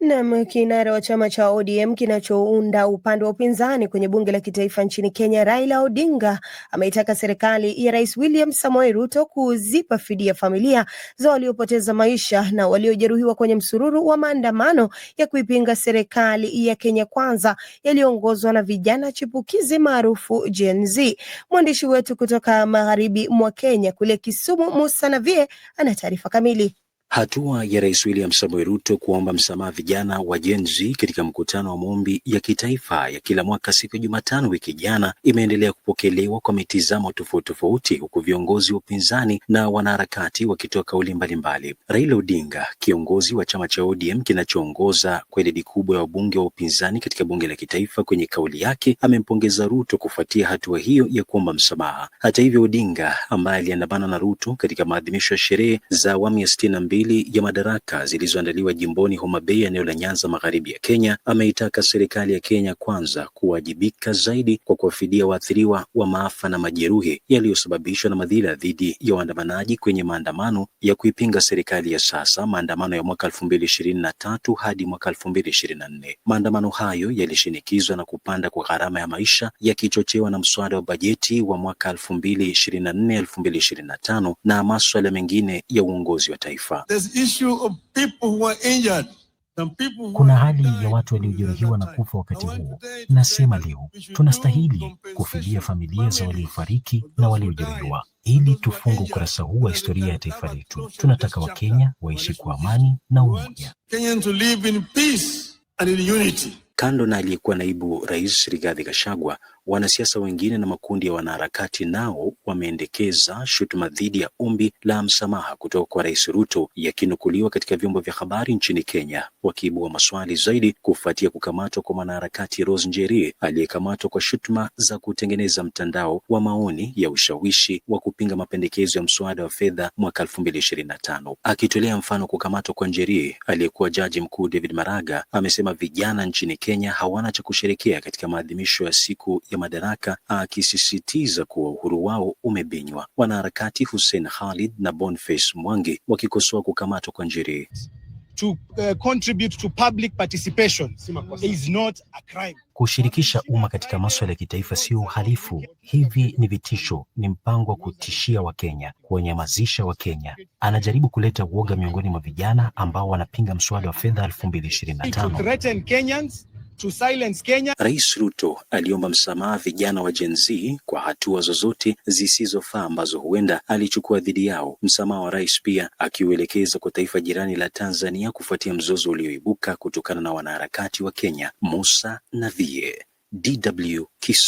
nam kinara wa chama cha ODM kinachounda upande wa upinzani kwenye bunge la kitaifa nchini Kenya, Raila Odinga ameitaka serikali ya Rais William Samoei Ruto kuzipa fidia familia za waliopoteza maisha na waliojeruhiwa kwenye msururu wa maandamano ya kuipinga serikali ya Kenya Kwanza yaliyoongozwa na vijana chipukizi maarufu Gen Z. Mwandishi wetu kutoka magharibi mwa Kenya kule Kisumu, Musa Navie ana taarifa kamili. Hatua ya Rais William Samoei Ruto kuomba msamaha vijana wa jenzi katika mkutano wa maombi ya kitaifa ya kila mwaka siku ya Jumatano wiki jana imeendelea kupokelewa kwa mitizamo tofauti tofauti, huku viongozi wa upinzani na wanaharakati wakitoa kauli mbalimbali. Raila Odinga, kiongozi wa chama cha ODM kinachoongoza kwa idadi kubwa ya wabunge wa upinzani katika bunge la kitaifa, kwenye kauli yake amempongeza Ruto kufuatia hatua hiyo ya kuomba msamaha. Hata hivyo, Odinga ambaye aliandamana na Ruto katika maadhimisho ya sherehe za awamu ya sitini na mbili mbili ya madaraka zilizoandaliwa jimboni Homa Bay, eneo la Nyanza magharibi ya Kenya, ameitaka serikali ya Kenya kwanza kuwajibika zaidi kwa kuwafidia waathiriwa wa maafa na majeruhi yaliyosababishwa na madhila dhidi ya waandamanaji kwenye maandamano ya kuipinga serikali ya sasa, maandamano ya mwaka elfu mbili ishirini na tatu hadi mwaka elfu mbili ishirini na nne. Maandamano hayo yalishinikizwa na kupanda kwa gharama ya maisha yakichochewa na mswada wa bajeti wa mwaka elfu mbili ishirini na nne elfu mbili ishirini na tano na maswala mengine ya uongozi wa taifa. Kuna hali ya watu waliojeruhiwa na kufa wakati huo. Nasema leo tunastahili kufidia familia za waliofariki na waliojeruhiwa, ili tufunge ukurasa huu wa historia ya taifa letu. Tunataka Wakenya waishi kwa amani na umoja. Kando na aliyekuwa naibu rais Rigathi Gachagua, wanasiasa wengine na makundi ya wanaharakati nao wameendekeza shutuma dhidi ya ombi la msamaha kutoka kwa Rais Ruto yakinukuliwa katika vyombo vya habari nchini Kenya, wakiibua maswali zaidi kufuatia kukamatwa kwa mwanaharakati Rose Njeri aliyekamatwa kwa shutuma za kutengeneza mtandao wa maoni ya ushawishi wa kupinga mapendekezo ya mswada wa fedha mwaka tano. Akitolea mfano kukamatwa kwa Njeri, aliyekuwa Jaji Mkuu David Maraga amesema vijana nchini kenya hawana cha kusherekea katika maadhimisho ya siku ya Madaraka, akisisitiza kuwa uhuru wao umebinywa. Wanaharakati Hussein Khalid na Boniface Mwangi wakikosoa kukamatwa kwa Njeri. To, uh, contribute to public participation is not a crime. Kushirikisha umma katika masuala ya kitaifa sio uhalifu. Hivi ni vitisho, ni mpango wa kutishia Wakenya, kuwanyamazisha Wakenya. Anajaribu kuleta uoga miongoni mwa vijana ambao wanapinga mswada wa fedha 2025 to silence Kenya. Rais Ruto aliomba msamaha vijana wa Gen Z kwa hatua zozote zisizofaa ambazo huenda alichukua dhidi yao. Msamaha wa rais pia akiuelekeza kwa taifa jirani la Tanzania kufuatia mzozo ulioibuka kutokana na wanaharakati wa Kenya. Musa Navie, DW Kiso.